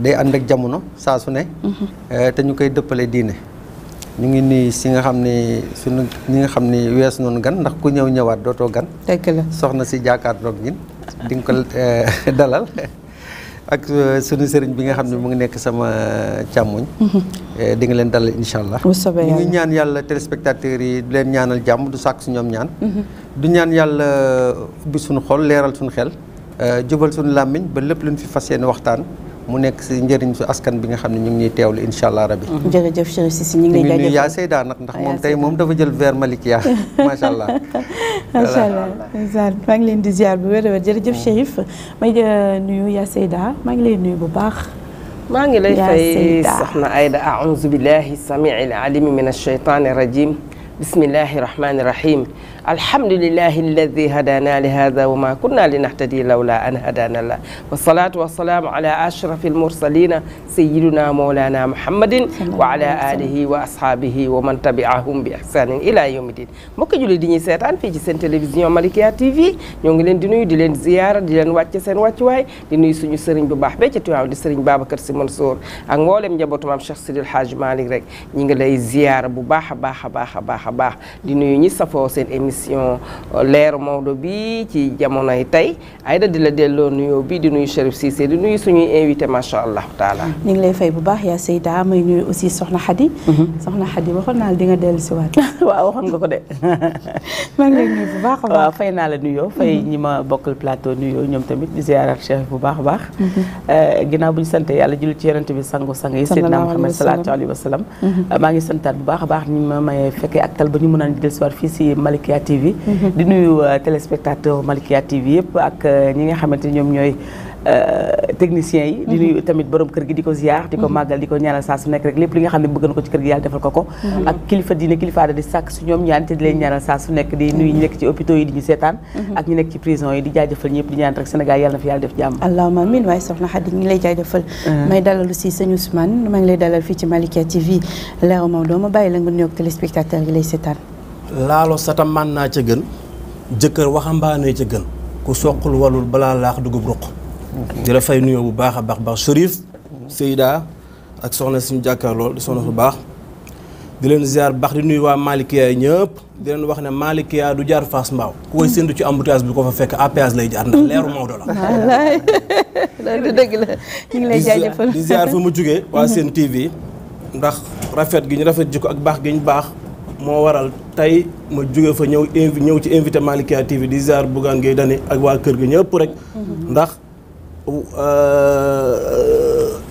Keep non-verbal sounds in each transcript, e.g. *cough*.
day and ak jamono sa su ne mhm. eh, te ñukay koy diine ñu ngi ni si nga xamni suñu ñi nga xamni wess non gan ndax ku ñew ñewat doto gan dëgg la soxna si dog ñin di ko eh, *laughs* dalal ak eh, suñu sëriñ bi nga xamni mu ngi nekk sama euh di nga leen dalal inshallah allah ñu ngi ñaan yalla téléspectateurs yi di leen ñaanal jamm du sax su ñaan mhm. du ñaan yalla ubbi suñu xol leeral suñu xel jubal suñu làmmiñ ba lepp luñ fi waxtaan mu nekk si njëriñ su askan bi nga xam ne ñu ngi ñuy teewlu incha allah rabi. Mhm. jërëjëf Chérif Cissé ñu ngi lay jaajëfal yaa Seyda nag ndax moom tey moom dafa jël vers Malick yaa *laughs* macha allah. *laughs* macha allah incha maa ngi leen di ziar bu wér a wér jërëjëf mhm. Chérif may euh, nuyu yaa Seyda maa ngi lay nuyu bu baax. maa ngi lay fay soxna Aida aouzu billahi samii alimi min alsheytaani rajim bismillahi rahmani rahim. alhamdulillahi alladi hadana li hada wa ma kunna linahtadi lawla an hadana allah wassalatu wassalaamu ala ashrafi almursalina sayiduna mawlana muhammadin wa ala alihi wa ashabihi wa man tabiahum bi ihsanin ila yawmi din mbokk julli di ñuy seetaan fii ci seen télévision Malikia TV ñoo ngi leen di nuyu di leen ziyaara di leen wàcce seen wàccuwaay di nuyu suñu sëriñ bu baax ba ca Tiwaawan di sëriñ Babacar Sy Mansour ak mboolem njabootu maam Cheikh Sidil Hadj Malick rek ñi ngi lay ziyaara bu baax a baax a baax a baax a baax di nuyu ñi safoo seen émission émission leeru Maodo bi ci jamonoy tey Aïda di la delloo nuyoo bi di nuyu Chérif Cissé di nuyu suñuy invité macha allah ñu ngi lay fay bu baax yaa Seyda may nuyu aussi Soxna Xadi. Mhm. Soxna Xadi waxoon naa la di nga dellu si *laughs* nga ko de. *laughs* maa ngi lay nuyu bu baax a baax. waaw fay naa la nuyoo fay mhm. ñi ma bokkal plateau nuyoo ñoom tamit di ziarat Chérif bu baax a baax. bu ñu sant yàlla julli ci yonent bi sangu sang yi. Seydina Muhammad salaatu mhm. maa ngi santaat bu baax a baax ñi ma may fekkee ak tal ba ñu mën a dellusiwaat fii si Malikia TV. Mhm. di nuyu euh, téléspectateur Malikia TV yëpp ak euh, ñi nga xamante ni ñoom ñooy. Euh, techniciens yi di mhm. nuyu tamit borom kër gi di ko ziar di ko mhm. màggal di ko ñaanal saa su nekk rek lépp li nga xam ne bëgg na ko ci kër gi yàlla defal ko ko ak kilifa diine kilifa aada di sàkk su ñoom ñaan te di leen ñaanal saa su nekk di nuyu ñu nekk ci hôpitaux yi di ñu seetaan ak ñu nekk ci prison yi di jaajëfal ñëpp di ñaan rek Sénégal yàlla na fi yàlla def jàmm allahumma amin waaye soxna laalo sata man naa ca gën jëkkër waxambaane ca gën ku soqul walul balaa laax dugub ruq di la fay nuyoo bu baax a baax baax Chérif Seyda ak soxna suñu jàkkaar lool di soxna su baax di leen ziar baax di nuyu waa Malikia yi ñëpp di leen wax ne Malikia du jaar Fass Mbao ku koy séntu ci embouteillage bi ko fa fekk APS lay jaar ndax leeru Maodo la. loolu dëgg la ñu mm-hmm. seen TV ndax rafet gi ñu rafet jikko ak baax gi ñu baax. moo waral tey ma jóge fa ñëw invi ñëw ci invité Malikia TV di ziar Bougane Gueye Dany ak waa kër gi ñëpp rek. Mm-hmm. ndax. Euh,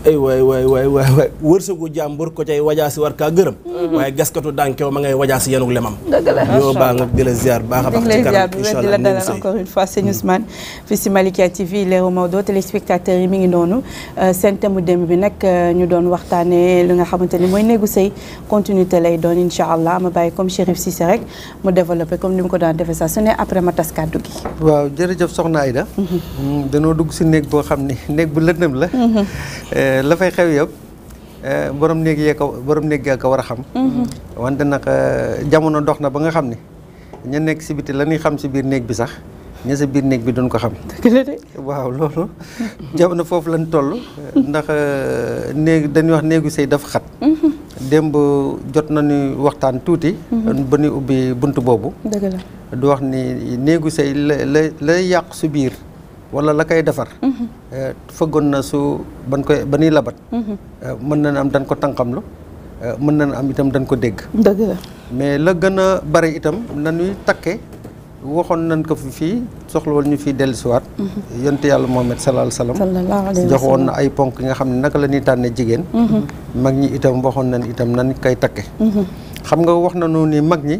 ay waay waay waay waay waay wërsëgu jàmbur ko cay wajaasi war kaa gërëm mhm. waaye gaskatu dànkew ma ngay wajaasi yenug lemam yoo baa nga di la ziar baax a baax ci kanam di la dalal encore une fois sëñ hmm. Ousmane fi si Malikia TV Leeru Maodo téléspectateurs yi mi ngi noonu euh, seen thème mu démb bi nag euh, ñu doon waxtaane li nga xamante ni mooy néegu sëy continuité lay doon incha allah ma bàyyi comme Chérif Cissé rek mu développé comme ni mu ko daan defee saa su ne après ma tas kàddu gi waaw jërëjëf soxna Aïda mhm. hmm, danoo dugg si néeg boo xam ne néeg bu lëndëm la mhm. euh, Eh, la fay xew yëpp eh, borom néeg yee ko borom néeg yee ko war a xam. Mhm. wante nag eh, jamono dox na ba nga xam ne ña nekk si biti la ñuy xam si biir néeg bi sax ña sa biir néeg bi duñ ko xam. waaw loolu. jamono foofu lañ toll. ndax néeg dañuy wax néegu sëy dafa xat. Mhm. démb jot nañu waxtaan tuuti. Mhm. ba ñu ubbi bunt boobu. du wax ni néegu sëy la la lay yàq su biir. wala la kay defar mhm. eh, fëggoon na su ban koy ba nuy labat mhm. eh, mën na am dañ ko tànqamlu eh, mën na am itam dañ ko dégg dëgg mais la gën a bari itam nañuy takke waxoon nañ ko fi fii soxlawal ñu fii dellusiwaat mhm. yonte yàlla Muhammad sallallahu alayhi wa sallam jox na ay ponk yi nga xam ne naka la ñuy tànnee jigéen mag ñi itam waxoon nañ itam nan koy takke xam nga wax na nañu ni mag ñi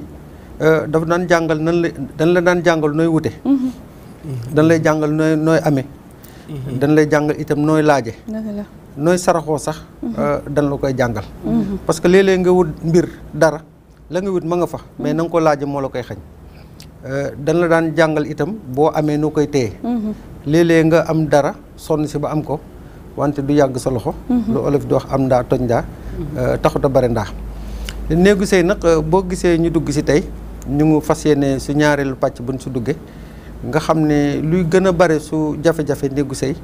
daf daan jàngal nan la dañ la daan jàngal nooy wute dañ lay jàngal nooy nooy amee. Mhm. dañ lay jàngal itam nooy laaje. nooy saraxoo sax. Mhm. Euh, dañ la koy jàngal. Mhm. parce que léeg nga wut mbir dara la nga wut ma nga fa. mais na nga ko laaje moo la koy xañ. Euh, dañ la daan jàngal itam boo amee noo koy teye léeg nga am dara sonn si ba am ko wante du yàgg sa loxo. lu olof di wax am ndaa toj ndaa. Euh, taxut a bare ndaa. néegu sëy nag boo gisee ñu dugg si tey ñu ngi fas ne su ñaareelu pàcc buñ su duggee. nga xam ne luy gën a bare su jafe-jafe néegu sëy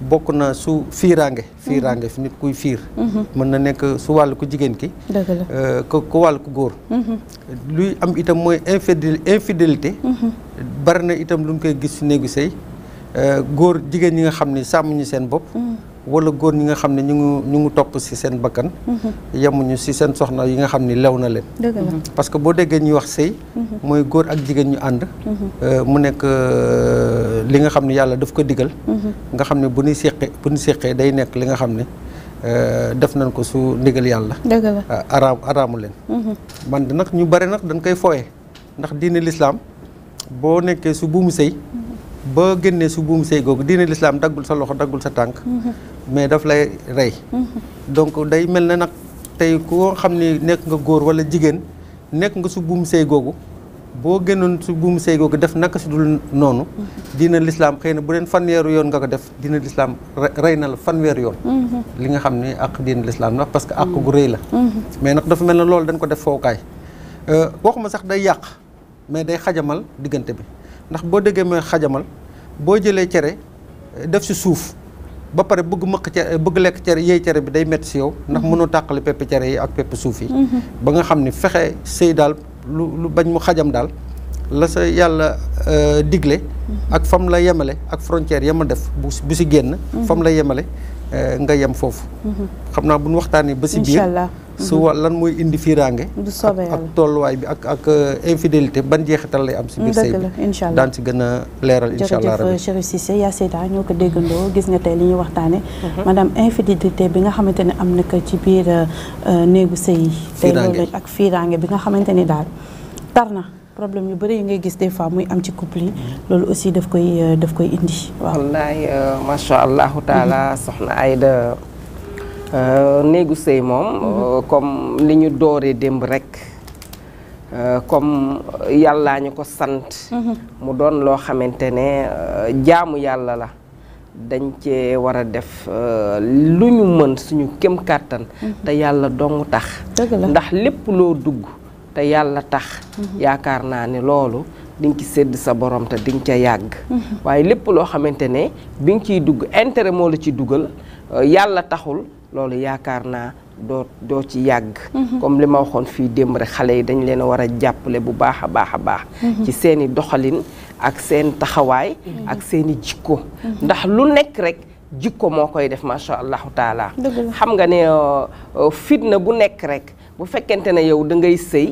bokk na su fiiraange mhm. fiiraange fi nit kuy fiir mhm. mën na nekk su wàllu ku jigéen ki euh, ku ku wàllu ku góor mhm. luy am itam mooy infidélité bari na itam lu ñu koy gis su néegu sëy euh, góor jigéen ñi nga xam ni sàmmuñu seen bopp wala góor ñi nga xam ne ñu ngi ñu ngi topp si seen bakkan mhm. yemuñu si seen soxna yi nga xam ni lew na leen mhm. parce que boo déggee ñuy wax sëy mhm. mooy góor ak jigéen ñu ànd euh, mu nekk euh, li nga xam ne yàlla daf ko digal xam ne bu ñu séqee bu ñu séqee day nekk li nga xam ne euh, def nañ ko su ndigal yàlla araamu leen man nag ñu bari nag dañ koy fooye ndax diine lislaam boo nekkee su buumu sëy boo génnee su buum sëy googu diine lislaam daggul sa loxo daggul sa tànk mais dafa lay rey donc day mel ne nag tey koo xam ni nekk nga góor wala jigéen nekk nga su buum sëy googu boo génnoon su buum sëy googu def naka su dul noonu diine lislaam xëy na bu deen fanweeru yoon nga ko def diine lislaam rey na la fanweer yoon li nga xam ne àq diine lislaam ndax parce que ak gu rëy la mais nag dafa mel ne loolu dañ ko def fookaay euh, waxuma sax day yàq mais day xajamal diggante bi ndax boo déggee mooy xajamal boo jëlee cere def si suuf ba pare bëgg mëq cere bëgg lekk cere yéey cere bi day métti si yow ndax mhm. mënoo tàqale pepp cere yi ak pepp suuf yi mhm. ba nga xam ni fexe sëy daal lu lu bañ mu xajam daal la sa yàlla euh, digle mhm. ak fam la yemale ak frontière yama def bu si génn fam la yemale Euh, nga yem foofu. Mhm. xam naa bu ñu waxtaanee ba si biir. su mhm. wa lan mooy indi fiiraange. du soobee ak tolluwaay bi ak ak euh, infidélité ban jeexital lay am. si biir mm, sëy bi daan si gën a leeral incha allah rabi jërëjëf euh, Chérif ñoo ko déggandoo gis nga tey li ñuy waxtaanee. Mhm. maanaam infidélité bi nga xamante ne am na ko ci biir néegu sëy yi. tey loolu ak fiiraange bi nga xamante ni daal tar na. problème yu bëri yi ngay gis des fois muy am ci couple yi loolu aussi daf koy euh, daf koy indi waaw. wallaay euh, macha allahu taala mhm. soxna Aida euh, néegu sëy moom. Mhm. comme li ñu dooree démb rek. comme yàlla ñu ko sant. Mhm. mu doon loo xamante ne jaamu yàlla la. dañ cee war a def lu ñu mën suñu kem kàttan. te yàlla dong tax. ndax lépp loo dugg. te yàlla tax mhm. yaakaar naa ne loolu di nga ci sédd sa borom te di nga yàgg mhm. waaye lépp loo xamante ne bi nga ciy dugg intérêt moo la ci dugal euh, yàlla taxul loolu yaakaar naa doo doo ci yàgg mhm. comme li ma waxoon fii démb rek xale yi dañ leen a war a jàppale bu baax a baax a baax ci seeni doxalin ak seen taxawaay ak seeni jikko ndax lu nekk rek jikko moo koy def macha allahu taala xam nga ne euh, euh, fitna bu nekk rek bu fekkente ne yow dangay ngay sëy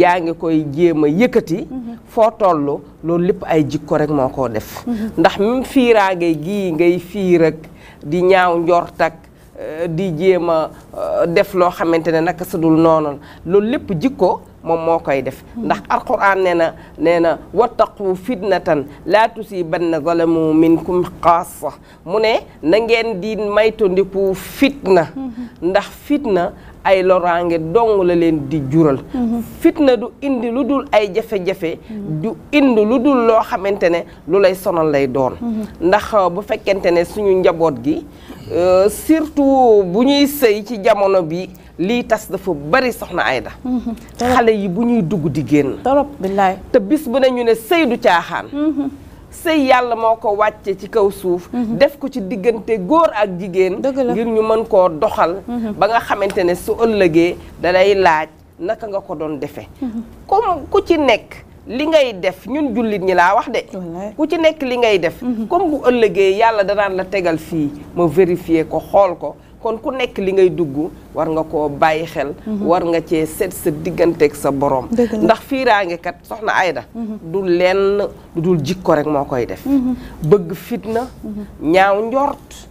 yaa ngi koy jéem a yëkkati. Mhm. foo toll loolu lépp ay jikko rek moo koo def. Mhm. ndax même fiiraange gii ngay fiir ak di ñaaw njort ak euh, di jéem a euh, def loo xamante ne naka su dul noonu loolu lépp jikko. moom moo koy def ndax alquran nee na nee na wattaqu fitnatan laa tusibanna zalamu minkum xaasa mu ne na ngeen di maytondiku fitna ndax fitna ay loraange dong la leen di jural fitna du indi lu dul ay jafe-jafe du indi lu dul loo xamante ne lu lay sonal lay doon ndax bu fekkente ne suñu njaboot gi Euh, surtout bu ñuy sëy ci jamono bi lii tas dafa bari soxna Ayda mhm. xale yi bu ñuy dugg di génn torop billaay te bis bu ne ñu ne sëy du caaxaan mhm. sëy yàlla moo ko wàcce ci kaw suuf mhm. def ko ci diggante góor ak jigéen ngir ñu mën koo doxal ba nga xamante ne su ëllëgee da laaj naka nga ko doon defe comme ku ci nekk li ngay def ñun jullit ñi laa wax de. ku ci nekk li ngay def. Mhm. comme bu ëllëgee yàlla danaan la tegal fii ma vérifier ko xool ko kon ku nekk li ngay dugg war nga koo bàyyi xel. Mhm. war nga cee seet sa digganteeg sa borom. ndax fiiraangekat kat soxna Ayda. Mhm. du lenn du dul ko rek moo koy def. bëgg fitna. ñaaw njort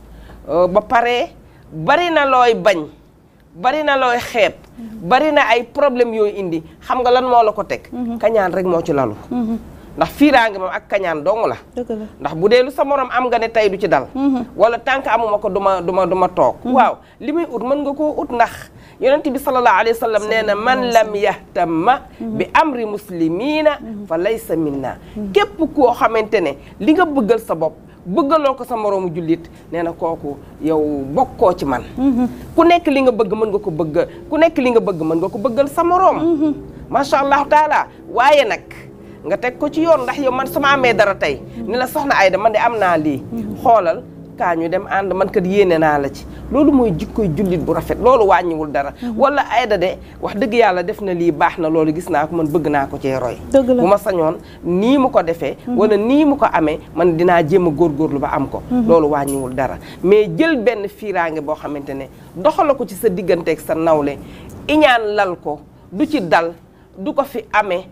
euh, ba pare bari na looy bañ. bari na looy xeet bari na ay problème yooyu indi xam nga lan moo la ko teg mhm. kañaan rek moo ci lalu mhm. ndax fiiraange ma ak kañaan dong la ndax bu dee lu sa morom am nga ne tey du ci dal mhm. wala tànk amuma ko duma duma duma toog waaw li muy ut mën nga koo ut ndax yonent bi sallallahu alayhi wa sallam nee na man lam ma bi amri muslimina fa laysa minna képp koo xamante ne li nga bëggal sa bopp bëggaloo ko sa moroomu jullit nee na kooku yow bokkoo ci man mhm. ku nekk li nga bëgg mën nga ko bëgg ku nekk li nga bëgg mën nga ko bëggal sa moroom mhm. macha allah taala waaye nag nga teg ko ci yoon ndax yow man su ma amee dara tey mhm. ni la soxna ay man de am naa lii xoolal kaa ñu dem ànd man kat yéene naa la ci loolu mooy jikkoy jullit bu rafet loolu wàññiwul dara mhm. wala ayda de wax dëgg yàlla def na lii baax na loolu gis naa ko man bëgg naa ko cee roy bu ma sañoon nii mu ko defee mhm. wala nii mu ko amee man dinaa jéem a góorgóorlu ba am ko mhm. loolu wàññiwul dara mais jël benn fiiraange boo xamante ne doxala ko ci sa digganteeg sa nawle iñaan lal ko du ci dal du ko fi amee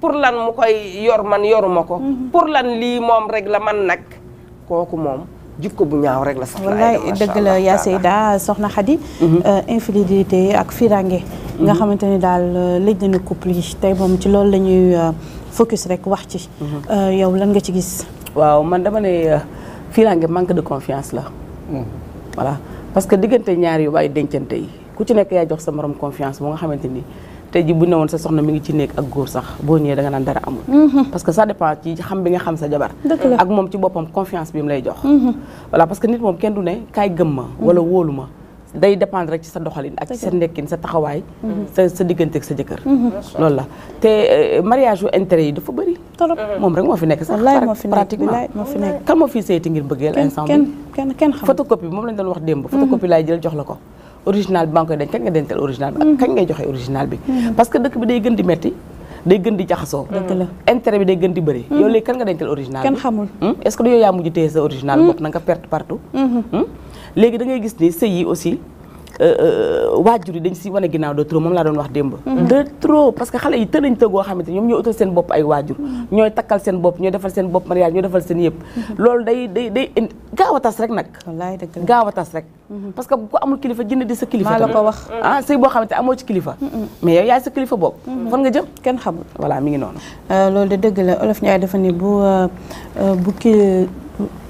pour lan mu koy yor man yoruma ko pour lan lii moom rek la man nag kooku moom jikko bu ñaaw rek la soxla wallaay dëgg la yaa Seyda soxna Xadi mhm. euh, infidélité ak firange nga mhm. xamante ni daal euh, lëj nañu couple yi tey moom ci loolu la ñuy euh, focus rek wax ci mhm. yow lan nga ci gis waaw man dama ne firange manque de confiance la voilà parce que diggante ñaar yu waaye dencante yi ku ci nekk yaa jox sa morom confiance bu nga xamante ni tey ji ne woon sa soxna mi ngi ci nekk ak góor sax boo ñëwee da naan dara amul mm-hmm. parce que ça dépend ci xam bi nga xam sa jabar ak moom ci boppam confiance bi mu lay jox mm-hmm. voilà parce que nit moom kenn du ne kaay ma mm-hmm. la te euh, mariage yu intérêt yi dafa bëri trop moom rek moo fi nekk sax ngir bëggeel instant jël jox la ko original bi maa ngi koy denc kañ nga dencal original bi mhm. kañ ngay joxe original bi mhm. parce que dëkk bi day gën di metti day gën di jaxasoo mhm. intérêt bi day gën di bëri yow léegi kan dencal original kenn hmm? est-ce que du yow yaa mujj téye sa original bopp na perte partout hmm? léegi da gis ni sëy aussi Euh, euh, waajur yi dañ si wane ginnaaw de trop moom laa doon wax démb mhm. de trop parce que xale yi të nañ tëggoo xamante ñoom ñoo utal seen bopp ay waajur mhm. ñooy takkal seen bopp ñooy defal seen bopp mariage defal seen yëpp mhm. loolu day day day gaaw a tas rek nag gaaw a tas rek parce que ku amul kilifa jënd di sa kilifa maa la ko wax ah, ci kilifa mais yow yaay sa kilifa bopp fan nga jëm kenn xamul voilà mi ngi noonu euh, loolu de dëgg la olof Njaay dafa ne bu bu ki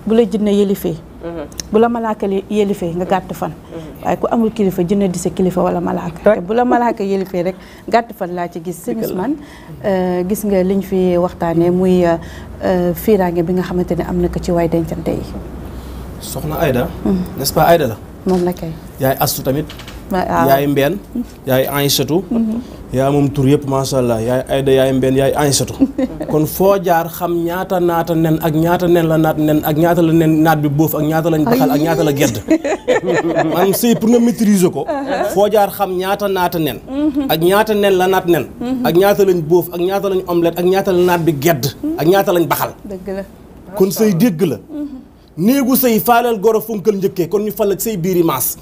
bu la jënd yëlifee Mm-hmm. bu la malaaka yélifee nga gàtt fan mm-hmm. waaye ku amul kilifa jinne di sa kilifa wala malaaka te bu la malaaka yélifee rek gàtt fan laa ci gis sëñ Ousmane euh, gis nga liñ fi waxtaanee muy euh, euh, fiiraange bi nga xamante ne am na ko ci waay dencante yi soxna Aida mm. n'est-ce la moom la kay yaay astu tamit yaay mbeen mm. yaay Aïssatou mm-hmm. yaa moom tur yëpp macha allah yaay Ayda yaay Mbène yaay Aïssatou *laughs* kon foo jaar xam ñaata naata nen ak ñaata nen la naat nen ak ñaata la nen bi boof ak ñaata lañ baxal ak ñaata la gedd *laughs* maanaam sëy pour ko uh-huh. foo jaar xam ñaata naata nen mm-hmm. ak ñaata nen la naat nen mm-hmm. ak ñaata lañ boof ak ñaata lañ omelette ak ñaata la bi gedd mm-hmm. ak ñaata lañ baxal dëgg la kon sëy dégg la néegu sëy faaleel goro fonkal njëkkee kon ñu fal ak sëy biiri maas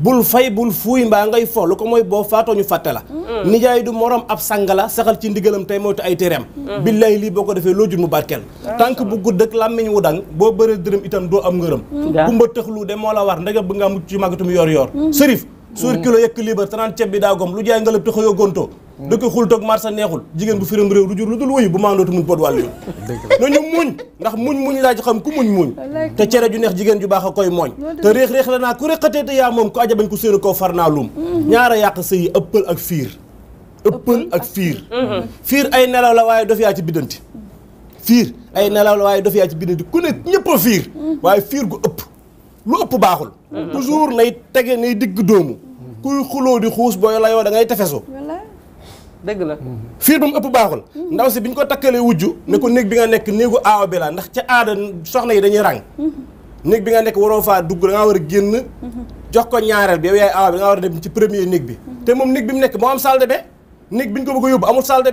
bul fay bul fuuy mbaa ngay fo lu ko mooy boo faatoo ñu fàtte la mm. nijaay du morom ab sangala saxal ci ndigalam tey moytu ay téereem mm. billaay lii boo ko defee loo jur mu barkeel mm. tànk bu gudd ak làmmiñ wu dang boo bëree dërëm itam doo am ngërëm kumba tëxlu de moo la war ndege bëgg nga mucc ci màggatum yor yor sërif suur kilo yëkk liibar 30 ceeb bi daa gom lu jaay nga lëb te xëyoo gontoo dëkk xul toog marsa neexul jigéen bu firam réew du jur lu dul wuyu bu maandootu muñ pot wàllu nañu muñ ndax muñ muñ laa ci xam ku muñ muñ te cere ju neex jigéen ju baax a koy mooñ te réex-réex la naa ku réqatee te yaa moom ku ajabañ ku séenu koo far naa lum mhm. ñaara yàq sëyi ëppal ak fiir ëppal ak fiir mhm. fiir ay nelaw la waaye dof yaa ci biddanti fiir ay nelaw la waaye dof yaa ci biddanti ku ne ñëpp a fiir mhm. waaye fiir gu ëpp lu ëpp baaxul toujours nay tege nay digg doomu di xuus booy layoo da ngay tefesu dëgg la mm-hmm. fiir ba mu ëpp baaxul mm-hmm. ndaw si bi ñu ko takkalee wujj ne ko néeg bi nga nekk néegu aawa bi la ndax ca aada soxna yi dañuy ràng mm-hmm. néeg bi nga nekk waroo faa dugg da war a génn jox ko ñaareel bi yow yaay aawa bi da war a dem ci premier néeg bi te moom néeg bi mu nekk moo am salle de néeg bi ñu ko bëgg a yóbbu amul salle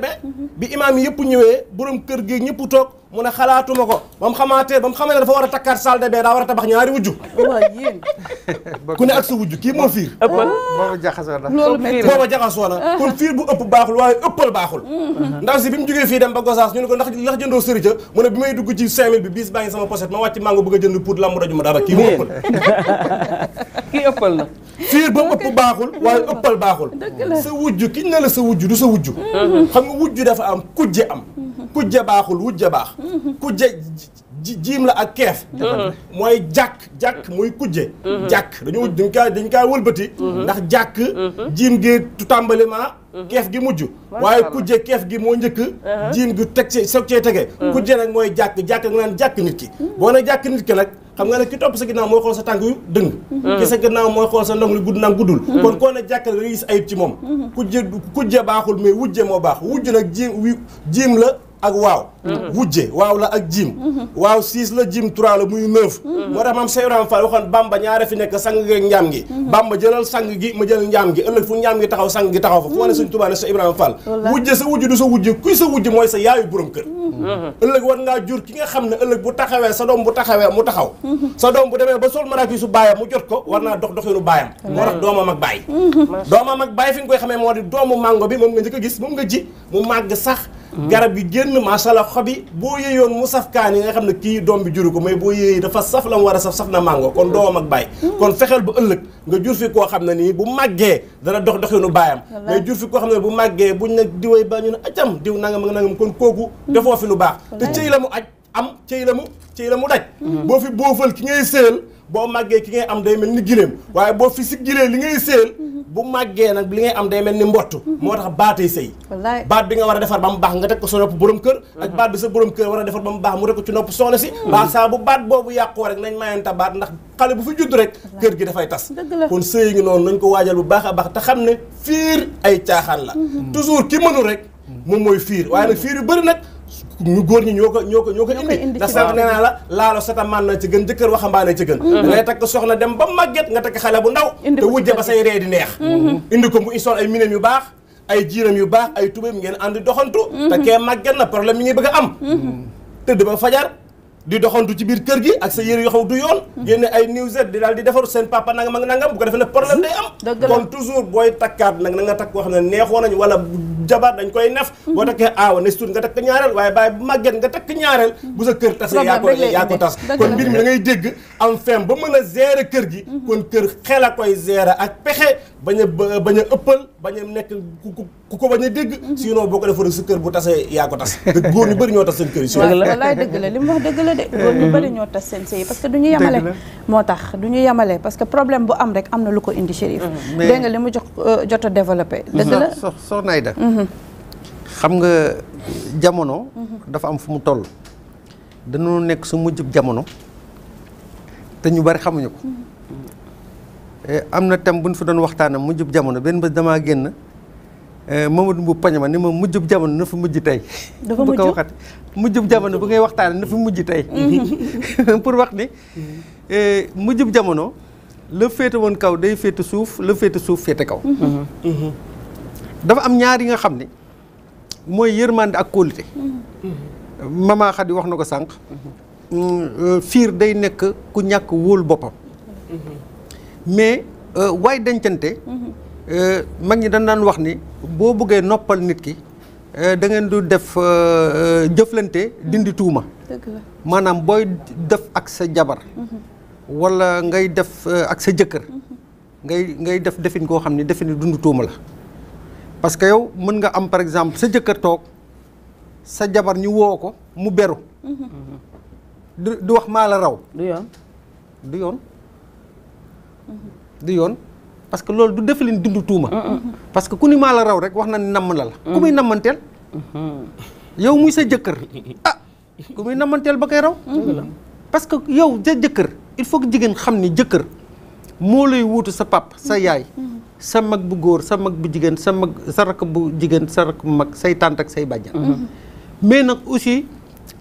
bi imaam yi yëpp ñëwee borom kër gi ñëpp toog mu ne xalaatuma ko ba mu xamaatee ba mu xamee ne dafa war a takkaat salle de daa war a tabax ñaari wujju. waaw yéen. ku ne ak sa wujju kii moo fiir. ëppal booba jaxasoo na. loolu métti booba jaxasoo na kon bu ëpp baaxul waaye ëppal baaxul. ndaw si bi mu fii dem ba Gosaas ñu ne ko ndax ndax jëndoo sëri ca mu ne bi dugg ci 5000 bi bis baa ngi sama pochette ma wàcc a ma dara kii moo ëppal. *laughs* kii baaxul waaye ëppal baaxul sa wujju ki ne la sa wujju du sa wujju xam nga wujju dafa am kujje am kujje baaxul wujje baax kujje jiim la ak keef mooy jàkk jàkk muy kujje jàkk dañu dañ kaa dañ kaa wëlbati ndax jàkk jiim gi tàmbali ma keef gi mujj waaye kujje keef gi moo njëkk uh-huh. jiim gi teg ci soog cee tege uh-huh. kujje nag mooy jàkk jàkk nga naan jàkk nit ki uh-huh. boo ne jàkk nit ki nag xam nga ne ki topp sa ginnaaw mooy xool sa tànk yu dëng ki sa ginnaaw mooy xool sa ndong li gudd nag guddul kon koo ne jàkk la gis ayib ci moom kujje kujje baaxul mais wujje moo baax wujj nag ak waaw mm-hmm. wujje waaw la ak jim mm-hmm. waaw six la jim trois la muy neuf mm-hmm. moo tax maam Seydou Fall waxoon bamba ñaare fi nekk sang gi ak njaam gi bamba jëlal sang gi ma jël njaam gi ëllëg fu njaam gi taxaw sang gi taxaw fa fu wane suñ tubaane sa Ibrahima Fall wujje sa wujj du sa wujj kuy sa wujj mooy sa yaayu borom kër ëllëg war ngaa jur ki nga xam ne ëllëg bu taxawee sa doom bu taxawee mu taxaw sa doom bu demee ba sol maraaki su baayam mu jot ko war naa dox doxinu baayam moo tax doomam ak baay doomam ak baay fi nga koy xamee moo di doomu mango bi moom nga njëkk a gis moom nga ji mu màgg sax garab gi génn macha allah xob yi boo yéeyoon mu saf kaan yi nga xam ne kii doom bi juru ko may boo yéeyee dafa saf la mu war a saf saf na màngo kon doomam ak bàyyi kon fexeel bu ëllëg nga jur fi koo xam ne nii bu màggee dana dox doxinu baayam mais jur fi koo xam ne bu màggee buñ nag diway ba ñu ne acam diw nangam ak nangam kon kooku mm. defoo fi lu baax te cëy la mu aj am cëy la mu cëy la mu daj mm. boo fi boofal ci ngay séel boo màggee ki ngay am day mel ni gileem waaye boo fi si gilee li ngay seel bu màggee nag li ngay am day mel ni mbott moo tax baatay sëy baat bi nga war a defar ba mu baax nga teg ko sa nopp borom kër ak baat bi sa borom kër war a defar ba mu baax mu teg ko ci nopp soxna si hmm. baax saa bu baat boobu yàqoo rek nañ mayanta baat ndax xale bu fi judd rek kër gi dafay tas kon sëy ngi noonu nañ ko waajal bu baax a baax te xam ne fiir ay caaxaan la hmm. toujours ki mënul rek hmm. moom mooy fiir waaye nag fiir bëri nag ñu góor ñi ñoo ko ñoo ko ñoo ko indi ndax sànq nee naa la laalo sata man na ci gën jëkkër waxambaane ci gën mhm. da ngay takk soxna dem ba màgget nga takk xale bu ndaw te wujje ba say ree di neex mhm. indi ko mu isool ay mineem yu baax ay jiiram yu baax ay tubéem ngeen àndi doxantu mhm. te kee màgget na problème mu ngi bëgg a am tëdd ba fajar di doxantu ci biir kër gi ak sa yére yoo xam du yoon génne ay nuisette di daal di defar seen papa nangam ak nangam bu a defee ne problème day am kon toujours booy takkaat nag na nga takk koo ko yaa ko tas kon mbir ba mën a gérer kër gi mhm. kon kër xel a koy gérer ak pexe bañ a bañ a ëppal bañ a nekk ku ko bañ a dégg mhm. sinon boo ko defee sa kër bu tasee yaa ko tas *laughs* góor ñu bëri ñoo tas seen kër yi wallaay dëgg la de ñu eh, eh. bëri ñoo tas seen sëy parce que du ñu yemale moo tax du ñu yemale parce que problème bu am rek am na lu ko indi Chérif mm, dégg nga li mu euh, jot a développé dëgg mm-hmm. la nay Aïda mm-hmm. xam nga jamono mm-hmm. dafa am fu mu toll dañoo nekk su mujjub jamono te ñu bari xamuñu ko eh, am na tam buñ fi doon waxtaanam mujjub jamono benn bés damaa génn Euh, Mamadou Mbu Pagnama ni ma mujjub jamono na fi mujj tey. dafa bu ko mujjub jamono bu ngay waxtaan na fi mujj tey. *laughs* pour wax ni euh, mujjub jamono la féete woon kaw day féete suuf la féete suuf féete kaw. Mhm. Mhm. dafa am ñaar yi nga xam ne mooy yërmande ak kóolute. Mhm. mama Khady wax na ko sànq. Mm, euh, fiir day nekk ku ñàkk wóol boppam. mais waay dencante. Euh, mag ñi dañ daan wax ni boo bëggee noppal nit ki euh, da ngeen du def euh, jëflante dindi tuuma maanaam booy def ak sa jabar mhm. walla ngay def ak sa jëkkër mhm. ngay ngay def defin koo xam ni defin dund la parce que yow mën nga am par exemple sa jëkkër toog sa jabar ñi woo ko mu beru mhm. du wax maa la raw du yoon du yoon parce que loolu du def leen dund parce que ku ni maa la raw rek wax na namm la la. ku muy nammanteel. Mm-hmm. yow muy sa jëkkër ah ku muy nammanteel ba koy raw. Mm-hmm. parce que yow sa jëkkër il faut que jigéen xam ni jëkkër moo lay wuutu sa pap sa mm-hmm. yaay. sa mag bu góor sa mag bu jigéen sa mag sa rakk bu jigéen sa rakk bu mag say tànt ak say bàjjan. mais nag aussi.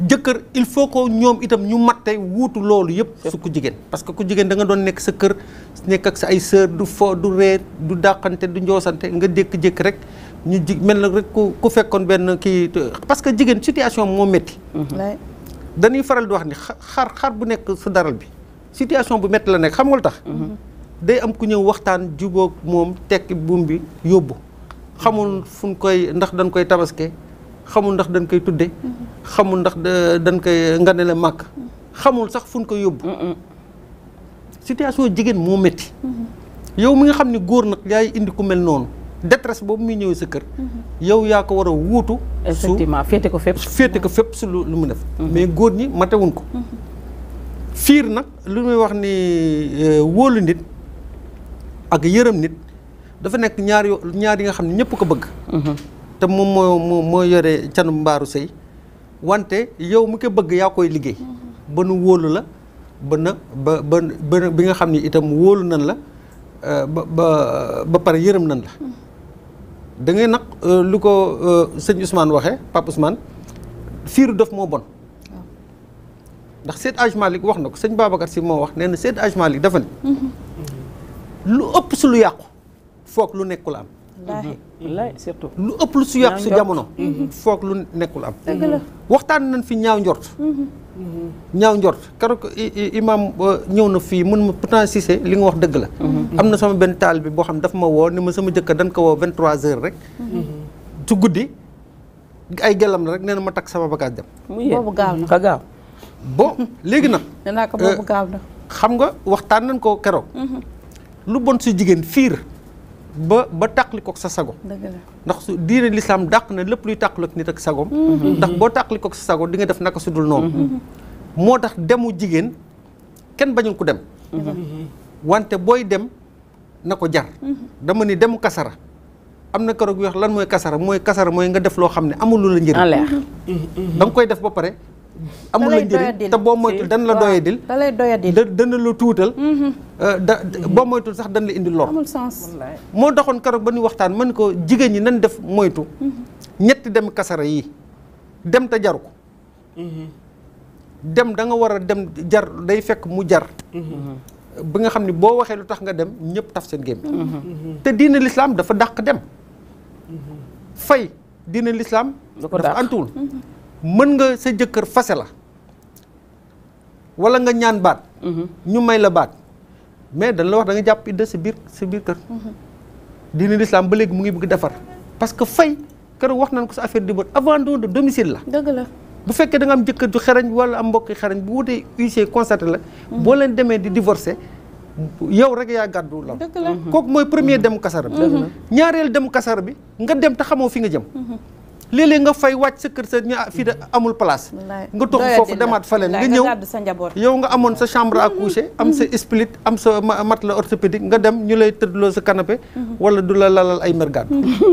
jëkkër il faut que ñoom itam ñu matte wuutu loolu yëpp su ku jigéen parce que ku jigéen da nga doon nekk sa kër nekk ak sa ay sœur du fo du reer du dàqante du njoosante nga dékk-jékk rek ñu ji mel nag rek ku ku fekkoon benn kii parce que jigéen situation moo métti mhm. dañuy faral di wax ni xar bu nekk su daral bi situation bu métti la nekk xamul tax mhm. day am ku ñëw waxtaan jubóog moom tekki buum bi yóbbu xamul fu ñu koy ndax dañ koy tabaske xamul ndax dañ koy tudde xamul ndax dañ koy nganale màkk xamul sax fu ñu koy yóbbu situation jigéen moo métti yow mi nga xam ne góor nag yaay indi ku mel noonu détresse boobu muy ñëwee sa kër mm-hmm. yow yaa ko war a wuutu effectivement féete ko fépp féete ko fépp su lu mu def mm-hmm. mais góor ñi matewuñ ko mm-hmm. fiir nag lu muy wax ni euh, wóolu nit ak yërëm nit dafa nekk ñaar yoo ñaar yi nga xam ne ñëpp ko bëgg te moom moo moo yore canu mbaaru sëy wante yow mu ko bëgg yaa koy liggéey mm-hmm. ba nu wóolu la ba na ba ba ba bi nga xam ni itam wóolu nan la euh, ba pare yërëm nan la mm-hmm. da ngay nag euh, lu ko euh, sëñ Ousmane waxee Pape Ousmane fiiru def moo bon oh. ndax Seydi Hadji wax na ko sëñ Babacar si moo wax nee na Seydi Hadji Malick dafa ni mm-hmm. lu ëpp su lu yàqu foog lu nekkul am surtout lu ëpp lu su yàqu su jamono. Mhm. Mhm. foog lu nekkul am. waxtaan nañ fi ñaaw njort. Mhm. ñaaw njort keroog imaam euh, ñëw na fii mun ma pourtant Cissé li nga wax dëgg la. am na sama benn taal bi boo xam dafa ma woo ni ma sama jëkkër dañ ko woo 23h rek. su guddi ay gelam la rek na ma takk sama bagage dem. léegi nag. *laughs* nee euh, xam nga waxtaan nañ ko keroog. lu bon su jigéen fiir. ba ba tàqalikook sa sago ndax su diine lislaam dàq na lépp luy tàqalikook nit ak sagom mm-hmm. mm-hmm. ndax boo tàqalikook sa sago dinga def naka su dul noonu mm-hmm. moo tax demu jigéen kenn bañul ko dem wante booy dem na ko jar dama ni demu kasara am na keroog weex lan mooy kasara mooy kasara mooy nga def loo xam ne amul lu la njëriñ da nga koy def ba pare amul la njëriñ te boo moytul dan la doyadil da lay doyadil dana la tuutal mm-hmm. euh, da boo moytul sax dan la indi lor amul moo doxoon keroog ba nu waxtaan man ko jigéen ñi nan def moytu mm-hmm. ñetti dem kasara yi dem te jaru ko mm-hmm. dem danga war a dem jar day fekk mu jar bi nga xam ne boo waxee lu tax nga dem ñëpp taf seen gémmi te diina lislaam dafa dàq dem fay diina lislaam dafa antuwul mën nga sa jëkkër fase la wala nga ñaan baat mhm. ñu may la baat mais dañ la wax da nga jàpp idda sa biir sa biir kër mhm. diine l'islam ba léegi mu ngi bugg defar parce que fay kër wax nañ ko sa affaire di bët abandon de domicile la dëgg la bu fekkee da am jëkkër ju xarañ wala am mbokki xarañ bu wutee huissier constaté la mhm. boo leen demee di divorcé yow rek yaa gàddu la kooku mooy premier dem kasara bi ñaareel dem kasara bi nga dem te xamoo fi nga jëm léeg-léeg nga fay wàcc sa kër sa ñu fii mm-hmm. amul place nga toog foofu demaat faleen nga ñëw yow nga amoon sa chambre ak mm-hmm. coucher am sa mm-hmm. split am sa matelas orthopédique nga dem ñu lay tëddloo sa kanape wala du la lalal ay mergaat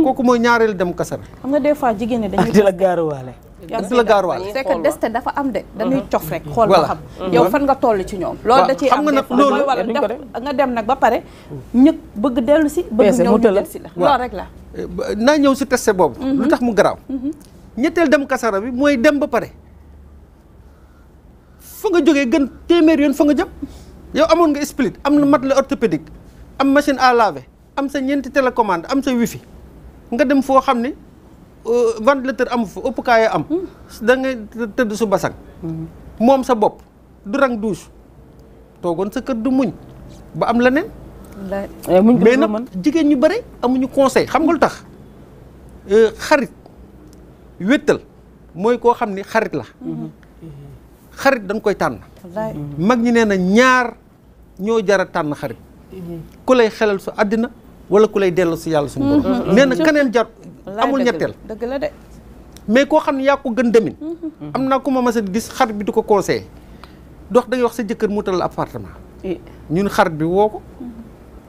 kooku mooy ñaareel dem kasara xam nga des fois jigéen ñi dañuy *laughs* di la gaaruwaale di la gaaruwaale c'est que dafa am de dañuy cof rek xool ba xam yow fan nga toll ci ñoom loolu da ciy am nag loolu nga dem nag ba pare ñëg bëgg dellu si bëgg ñëw ñu dellu si la loolu rek la na ñew ci testé bobu lutax mu graw ñettel mhm. dem kasara bi moy dem ba paré fa nga joggé gën témèr yoon fa nga jëm yow amon nga split am na matelas orthopédique am machine à laver am sa ñent télécommande am sa wifi nga dem fo xam euh, ventilateur am fu upp ëppukaay am. da nga teud su basak mhm. mom sa bop du rang douche togon sa kër du muñ ba am lenen Eh, mais nag jigéen ñu bëri amuñu conseil xam nga lu tax euh, xarit wéttal mooy koo xam ni xarit la mhm. xarit dañ koy tànn mhm. mag ñi nee na ñaar ñoo jara tànn xarit mhm. ku lay xelal su àddina wala ku lay delloo si yàlla suñu borom nee na keneen jar amul ñetteel dëgg la de mais koo xam ne yaa ko gën demin am naa ku ma mas a gis xarit bi du ko conseillé dox da ngay wax sa jëkkër mu wutal la appartement ñun xarit bi woo ko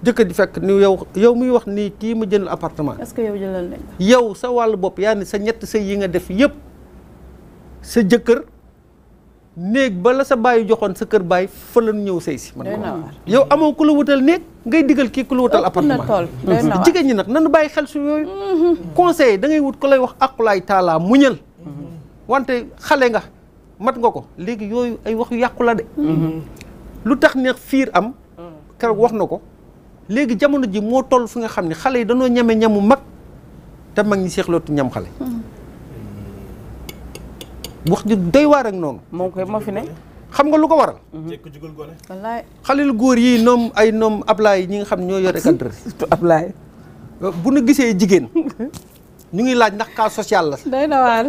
jëkkër ji fekk ni yow yow muy wax nii kii ma jënd appartement. est-ce que yow sa wàll bopp yaa ni sa ñett sëy yi nga def yëpp sa jëkkër néeg bala sa bàyyi joxoon sa kër bàyyi fa lan ñëw sëy si. man yow amoo ku la wutal néeg ngay digal kii ku la wutal appartement. jigéen ñi nag nanu bàyyi xel su yooyu. Mm-hmm. conseil da ngay wut ku lay wax akulaay taalaa muñal. Mm-hmm. wante xale nga mat nga ko léegi yooyu ay wax yu yàqu la de. Mm-hmm. lu tax neex fiir am. keroog wax na ko. léegi jamono ji moo toll fi nga xam ne xale yi dañoo ñame ñamu mag te mag ñi seexlootu ñam xale hmm. wax ju doy waar ak noonu moo koy moo fi ne xam nga lu ko waral hmm. wallaay xale lu góor yi noom ay noom ablaay ñi nga xam ñoo yore cadre surtout bu nu gisee jigéen ñu ngi laaj ndax cas social la doy na waar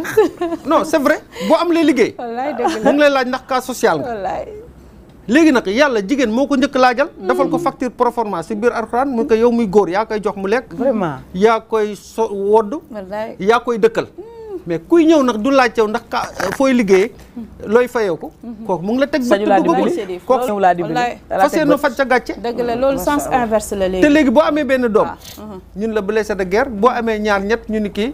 non c'est vrai boo am lay liggéey mu ngi lay laaj ndax cas social nga wallaay léegi nag yàlla jigéen moo ko njëkk laajal dafal ko hmm. facture proforma si biir alxuraan mu ko yow muy góor yaa koy jox mu lekk vraiment yaa koy so wodd yaa koy dëkkal hmm. mais kuy ñëw nag du laaj yow ndax ka fooy liggéeyee hmm. looy fayoo ko kooku mu ngi la teg bëtu bu bëggul kooku ñëw laa dimbali fas yéene faj ca gàcce dëgg la loolu sens inverse léegi te léegi boo amee benn doom ah. ñun la blessé de guerre boo amee ñaar ñett ñu ni kii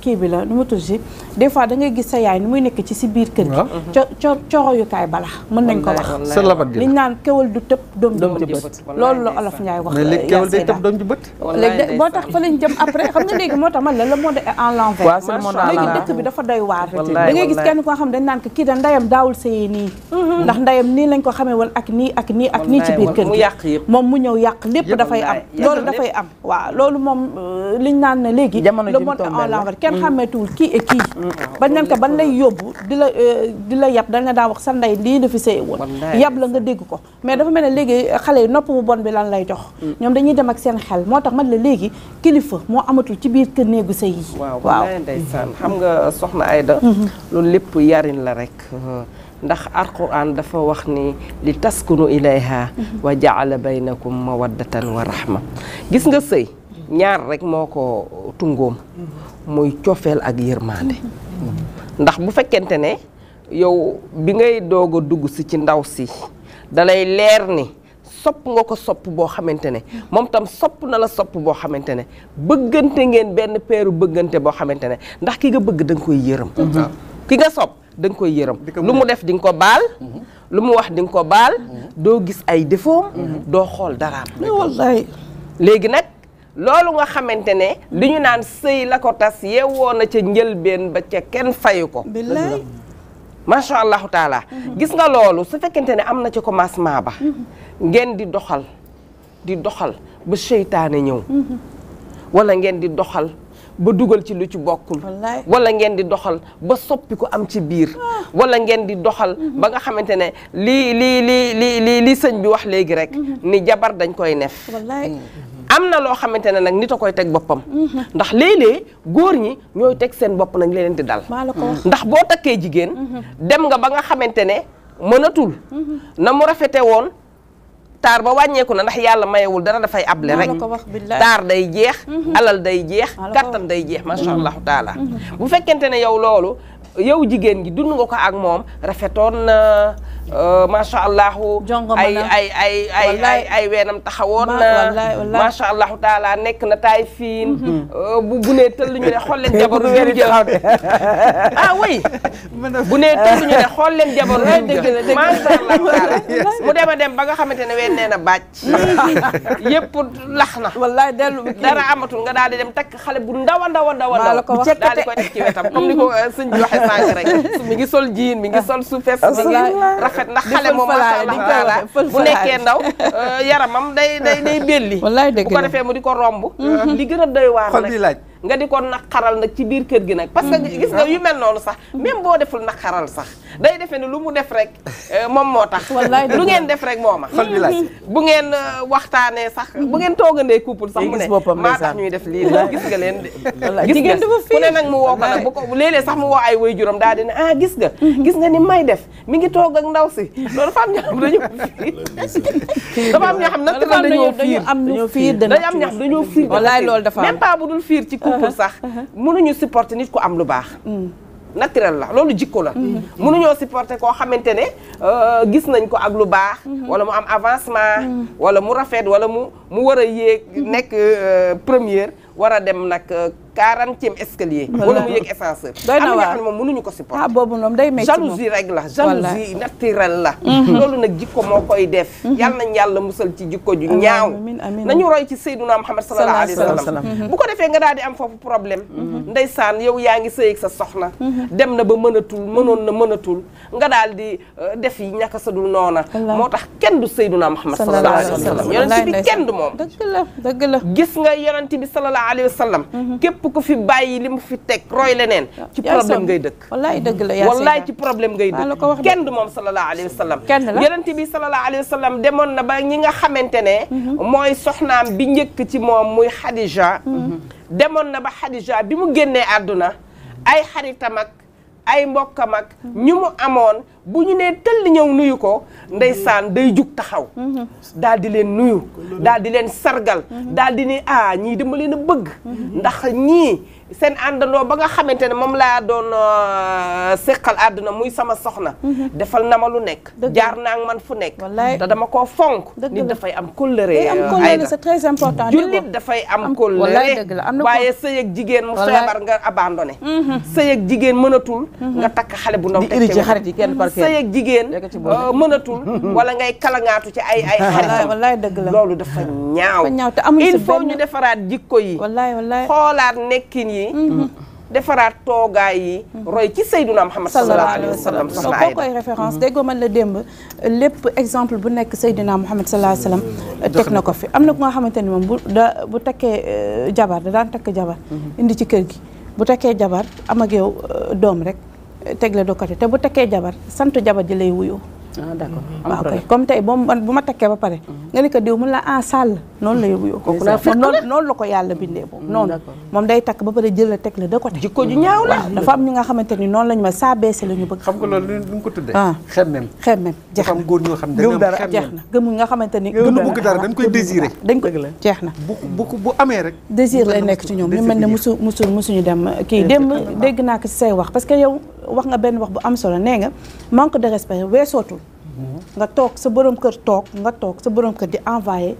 kii bi la nu mu tudd si des fois da ngay gis sa yaay ni muy nekk ci si biir kër gi mm-hmm. co coroyukaay bala mën nañ ko wax liñ naan kewal du tëb doom ji bët loolu tax fa lañ jëm après xam nga léegi moo tax man la le monde en l'envers léegi dëkk en l'envers kenn mm. kii et kii mm. ah, bañ nan ko ban lay yóbbu di la euh, di la yab da nga daa wax sa ndey lii la fi woon yab la nga dégg ko mais dafa mel ne léegi xale yi nopp bu bon bi lan lay jox mm. ñoom dañuy dem ak seen xel moo tax man la léegi kilifa moo amatul ci biir kër néegu sëy yi waaw waaw xam nga euh, soxna Aida mm-hmm. loolu lépp yarin la rek euh, ndax alquran dafa wax ni li taskunu ilayha mm-hmm. wa jaala baynakum mawaddatan wa rahma gis nga sëy ñaar rek moo ko tungoom muy cofeel ak yërmande ndax bu fekkente ne yow bi ngay doog a dugg si ci ndaw si dalay leer ni sopp nga ko sopp boo xamante ne moom tam sopp na la sopp boo xamante ne bëggante ngeen benn peeru bëggante boo xamante ne ndax ki nga bëgg danga koy yërëm ki nga sopp da koy yërëm lu mu def di nga ko baal mhm. lu mu wax dinga nga ko baal mhm. doo gis ay défaut mhm. doo xool daraam léegi nag loolu nga xamante ne li ñu naan sëy la ko tas yeewoo na ca njëlbeen ba ca kenn fayu ko billaay macha allahu taala mhm. gis nga loolu su fekkente ne am na ca commencement ba mhm. ngeen di doxal di doxal ba seytaane ñëw mhm. wala ngeen di doxal ba dugal ci lu ci bokkul wala ngeen di doxal ba soppi ko am ci biir ah. walla ngeen di doxal ba nga xamante ne li lii lii li li li sëñ bi wax léegi rek ni jabar dañ koy nef am na loo xamante ne nag nit a koy teg boppam. ndax léeg-léeg góor ñi ñooy teg seen bopp nag leen di dal. ndax boo takkee jigéen. dem nga ba nga xamante ne mënatul. na mu rafete woon taar ba wàññeeku na ndax yàlla mayewul dara dafay able rek. taar day jeex. Mhm. alal day jeex. kattan day jeex macha mhm. allahu taala. Mhm. bu fekkente ne yow loolu yow jigéen gi dund nga ko ak moom rafetoon na. Euh, macha allahu ay ay ay ay ay ay weenam na. macha allah taala nekk na taay fiin. Mhm. Euh, bu bu nee tëll ñu ne xool jabaru ngeen *laughs* ah oui. bu nee ñu ne xool leen jabaru ngeen jël *laughs* mu dem a dem ba nga xamante ne ween nee na bàcc. *laughs* yëpp lax na. wallaay dellu dara amatul nga daal di dem takk xale bu ndaw a ndaw a ndaw. maa ko wax ko teg ci wetam comme ni ko euh, sëñ bi waxee mi ngi sol jiin mi ngi sol su fes mi ngi rafet ndax xale moom macha allah bu nekkee ndaw euh, yaramam day day day belli *laughs* bu ko defee mu di ko romb mm-hmm. li gën a doy waar rek nga di ko naqaral nag ci biir kër gi nag. parce que gis nga mm-hmm. yu mel noonu sax même boo deful naqaral sax day defee ni lu mu def rek euh, moom moo tax. lu ngeen def rek moo ma. bu ngeen euh, waxtaanee sax bu ngeen toogandee couple sax mu ne maa tax ñuy def lii de gis nga leen de. gis nga ku ne nag mu woo ko nag bu ko léeg-léeg sax mu woo ay way juram daal di ne ah gis nga. Mm-hmm. gis nga ni may def mi ngi toog ak ndaw si mm-hmm. loolu dafa am ñoo xam dañu *laughs* dafa am ñoo xam nag dañoo fiir dañu am ñoo xam dañoo fiir même pas bu dul fiir ci couple pour uh-huh. sax uh-huh. mënuñu supporte nit ku am lu baax mm. naturel la loolu jikko la mm-hmm. Mm-hmm. mënuñoo supporter koo xamante ne euh, gis nañ ko ak lu baax mm-hmm. wala mu am avancement mm. wala mu rafet wala mu mu war a yéeg nekk euh, première war a dem nag euh, quarantième escalier. wala mu yëg ascenseur. doy am na ñoo xam ne moom ko supporter. ah boobu moom day métti moom jalousie rek la. jalousie naturelle la. Mhm. loolu nag jikko moo koy def. Mhm. yàlla nañ yàlla musal ci jikko ju ñaaw. nañu roy ci Seyduna Muhammad sallallahu alayhi wa sallam. bu ko defee nga daal di am foofu problème. Mhm. ndeysaan yow yaa ngi sëy ak sa soxna. dem na ba mënatul mënoon na mënatul nga daal di euh, def yi ñàkk sa dul noona. moo tax kenn du Seyduna Muhammad sallallahu alayhi wa sallam. yonent bi kenn du moom. dëgg la dëgg la képp ku fi bàyyi li mu fi teg roy leneen ci problème ngay dëkk wallaay dëgg la yaa wallaay ci problème ngay dëkk kenn du moom sallallahu alayhi wa sallam yonent bi sallallahu alayhi wa sallam demoon na ba ñi nga xamante ne mhm. mooy soxnaam bi njëkk ci moom muy Xadija mhm. demoon na ba Xadija bi mu génnee àdduna ay xaritam ak ay mbokkam ak ñu mu amoon bu ñu nee tëll ñëw nuyu ko ndeysaan day jug taxaw daal di leen nuyu daal di leen sargal mhm. daal di ni ah ñii dama leen a bëgg mhm. ndax ñii seen àndandoo ba nga xamante ne moom laa doon euh, séqal àdduna muy sama soxna mhm. defal na ma lu nekk jaar naa man fu nekk te dama koo fonk nit dafay am kóllëre am euh, kóllëre c'est très important jullit dafay am kóllëre waaye sëy ak jigéen mu nga abandonné mhm. sëy ak mënatul mhm. nga takk xale bu ndox teg ci xarit yi kenn par kenn jigéen euh, mënatul wala ngay kalangaatu ci ay ay xarit wallaay dëgg la loolu dafa ñaaw il faut ñu defaraat jikko yi wallaay wallaay xoolaat nekkin defaraat toogaay yi roy ci sayduna mhm. Muhammad sallallahu alayhi wa sallam so koo koy référence déggoo man la demb lépp exemple bu nekk sayduna Muhammad sallallahu alayhi wa sallam teg na ko fi am na ku nga xamante ni moom bu da bu takkee euh, jabar da daan takk jabar mhm. indi ci kër gi bu takkee jabar am ak euh, doom rek tegle la do côté te bu takkee jabar sant jabar ji lay wuyu ah d'accord waaw mhm. ah, kay comme tey boo bu ma takkee ba pare. Mhm. nga ne diw mun la ah sàll noonu la yóbbu kooku la noonu la ko yàlla bindee boobu mm, noonu moom day takk ba pare jël la teg la dañ ko jeex na bu amee rek désir lay nekk ci ñoom ñu mel ne musu musuñu dem kii dégg naa ko ci say wax parce que wax nga benn wax bu am solo nee nga manque de respect weesootul mhm. nga toog sa borom kër toog nga toog sa borom kër di envoyé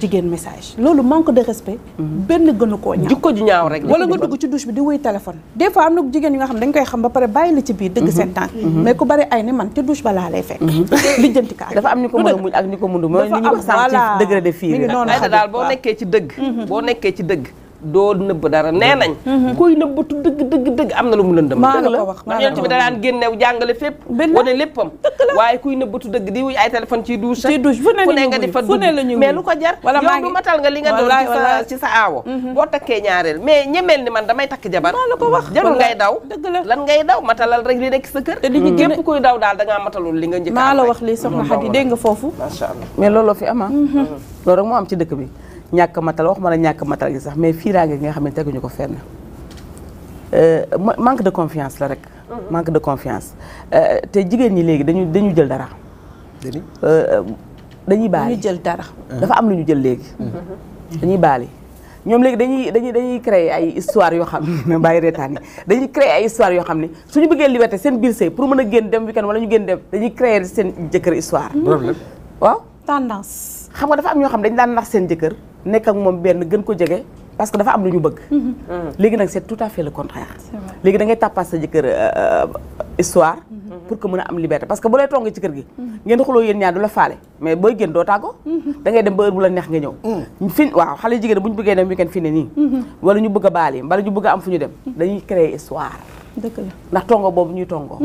jigéen message loolu manque de respect mhm. benn gënu koo ñaaw jikko ju ñaaw rek wala nga dugg ci douche bi di wuy téléphone des am na jigéen yi nga xam dañ koy xam ba pare bàyyi la ci biir dëgg mhm. seen tànk mais ku bari ay ni man te douche ba laa lay fekk *laughs* lijjanti kaa dafa am ni ko mën ak ni ko mëndu mooy ni ñu ko sant ci degré de fii mi ngi noonu daal boo ci dëgg boo nekkee ci dëgg doo nëbb dara mm-hmm. nee nañ mm-hmm. kuy nëbbatu dëgg dëgg dëgg am na lu mu lëndëm ndax yonent bi daan génnew jàngale fépp wane léppam waaye kuy nëbbatu dëgg di wuy ay téléphone ci douche ci fu ne nga di fa dugg mais lu ko jar yow du matal nga li nga doon ci sa ci sa aawo mm-hmm. boo takkee ñaareel mais ñemeel ni man damay takk jabar maa la ko wax jarul ngay daw dëgg lan ngay daw matalal rek li nekk sa kër te diñu gépp koy daw daal da ngaa li nga njëkk maa la wax li soxna Xadi dégg nga foofu mais looloo fi ama ah. loolu rek am ci dëkk bi ñàkk matal wax ma la ñàkk matal gi sax mais fiiraange gi nga xam ne ñu ko fenn euh, manque de confiance la rek. Mhm. manque de confiance euh, te jigéen ñi léegi dañu dañu jël dara. Euh, dañuy baali jël dara. dafa am lu ñu jël léegi. Mhm. dañuy baali ñoom léegi dañuy dañuy dañuy créer ay histoire yoo xam *laughs* ne bàyyi reetaan yi dañuy créer ay histoire yoo xam ne suñu bëggee liberté seen biir sëy pour mën a génn dem weekend wala ñu génn dem dañuy créer seen jëkkër histoire. problème waaw tendance. xam nga dafa am ñoo xam dañu daan nax seen jëkkër. nek ak mom ben gën ko djégé parce que dafa am luñu bëgg. Mhm. Mm. légui nak c'est tout à fait le contraire. légui da ngay tàppaas sa jëkkër euh, euh, histoire. Mhm. pour que mëna am liberté parce que bu lay tong ci kër gi. Mhm. ngeen xuloo yeen ñaar du la falé mais boy gën do tàggoo. da ngay dem ba heure bu la neex nga ñëw. fi waaw xalé jigéen bu ñu bëggee dem weekend fi ni wala ñu bëgg a baali mbala ñu bëgg am fu dem. dañuy créer histoire. dëgg la ndax tongo bobu ñuy tongo.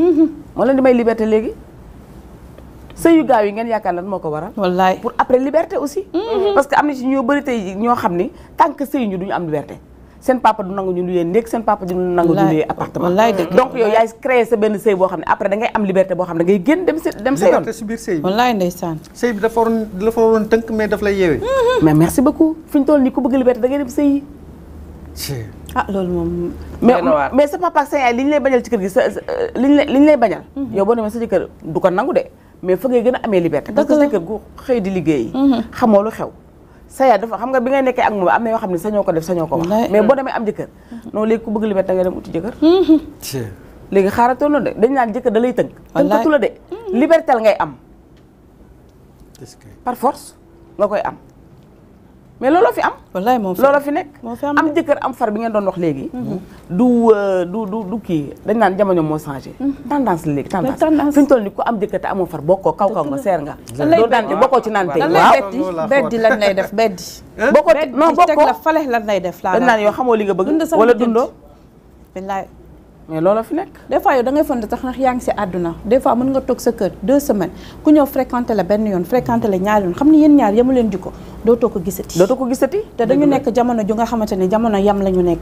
mo leen di may liberté légui sëy gaaw yi ngeen yaakaar lan moko ko waral. wallaay pour après liberté aussi. Mhm. parce que amna ci ñoo bëri tay ñoo xamni tank tant ñu duñu am liberté. Sen papa du nangu ñu luyee néeg sen papa du nangu ñu luyee appartement donc yow yaay créer sa ben sëy bo xamni après da ngay am liberté bo xamni da ngay genn dem dem sa yoon si biir sëy bi wallaay ndeysaan sëy bi dafa waroon dafa waroon tënk mais da lay yewé mhm. mais merci beaucoup fiñ tol ni ku bëgg liberté da ngay dem sëy yi ah lol mom mais mais sa papa ak sa yaay lay bañal ci kër gi euh, liñ lay bañal mhm. yow bo demé sa kër du ko nangu de mais fa ngay gën a amee liberté parce que sa kër gu xëy di liggéey mm-hmm. xamoo lu xew sa yaay dafa xam nga bi ngay nekkee ak moom am na yoo xam ne sañoo ko def sañoo ko wax mais boo demee am jëkkër mm-hmm. non léegi ku bëgg liberté nga dem uti jëkkër mm-hmm. léegi xaaratoon na de dañ naan jëkkër da lay tënk tënkatu la de liberté ngay am par force nga koy am mais looloo fi am. wallaay moom looloo fi nekk. am jëkkër am far bi ngeen doon wax léegi. Mhm. Euh, du du kii dañ naan jamono moo changé. Mhm. tendance la léegi tendance fi ñu toll nii am jëkkër te amoo far bokkoo kaw kaw nga seer nga. loolu daan te bokkoo ci naan tey waaw beddi lan lay def beddi. bokkoo non bokkoo la falex lan lay def. laa dañ naan yoo xamoo li nga bëgg. wala dundoo. mais loola fi nekk. des fois yow da ngay fonde tax ndax yaa ngi si àdduna des fois mën nga toog sa kër deux semaines ku ñëw fréquenté la benn yoon fréquenté la ñaari yoon xam ni yéen ñaar yemu leen ko dootoo ko gisati. dootoo ko gisati te dañu nekk jamono ju nga xamante ne jamono yam la ñu nekk.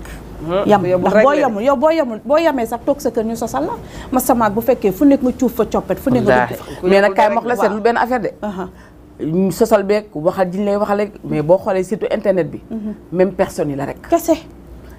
Ah, yam ndax boo yamul yow boo yamul boo yamee sax toog sa kër ñu sosal la ma samaak bu fekkee fu nekk nga cuuf fa coppet fu nekk nga dugg mais nag kaay mox la seetlu benn affaire de. sosal beeg waxal jiñ lay waxal rek mais boo xoolee surtout internet bi. Mhm. même personne yi la rek kese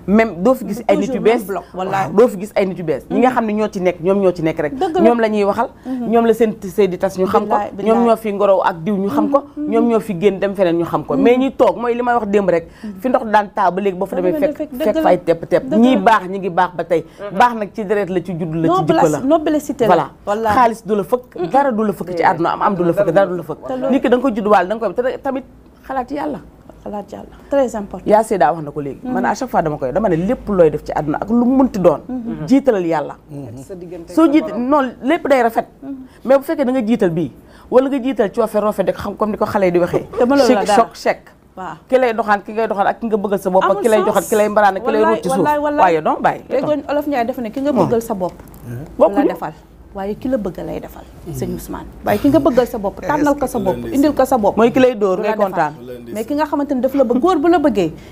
même doo fi gis ay nit yu bees wala doo fi gis ay nit yu ñi nga mm-hmm. xam ne ñoo ci nekk ñoom ñoo ci nekk rek ñoom la ñuy waxal mm-hmm. ñoom la seen sëy di tas ñu xam ko ñoom ñoo fi ngorow ak diw ñu xam ko mm-hmm. ñoom ñoo fi génn dem feneen ñu xam ko mais ñi toog mooy li may wax démb rek fi ndox daan taa ba léegi boo fa demee fekk fekk fay tepp tepp ñii baax ñi ngi baax ba tey baax nag ci deret la ci judd la ci jikko la voilà xaalis du la fëkk dara du la fëkk ci àdduna am am du la fëkk dara du la fëkk nit ki da nga ko tamit xalaat yàlla xalaat yàlla très important yaa see daa wax na ko léegi man à chaque fois dama koy dama ne lépp looy def ci àdduna ak lu munti doon mhm. jiitalal yàlla mhm. soo jiit noonu lépp day rafet mhm. mais bu fekkee da nga jiital bii wala nga jiital coofe rofe de xam comme ni ko xale yi di waxee *laughs* chic choc chèque waaw ki lay doxaan ki ngay doxaan ak ki nga bëggal sa bopp ak ki lay joxaan ki lay mbaraan ak ki lay ruuc ci suuf olof Njaay def ki nga bëggal sa bopp la waaye kilo la bëgg lay defal. Mm-hmm. sëñ Ousmane waaye ki nga bëggal sa bopp tànnal ko sa bopp *laughs* indil ko sa bopp. mooy ki lay dóor ngay kontaan mais ki nga xamante ni daf la bëgg góor ba la bëggee